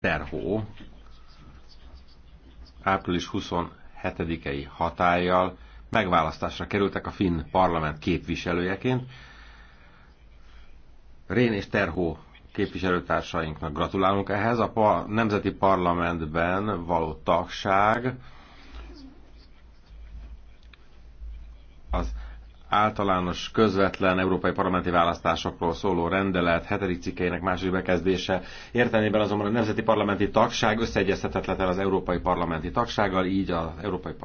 Terhó április 27-i hatállyal megválasztásra kerültek a finn parlament képviselőjeként. Rén és Terhó képviselőtársainknak gratulálunk ehhez. A Nemzeti Parlamentben való tagság az általános közvetlen európai parlamenti választásokról szóló rendelet hetedik cikkeinek második bekezdése értelmében azonban a nemzeti parlamenti tagság összeegyezhetetlen az európai parlamenti tagsággal, így az európai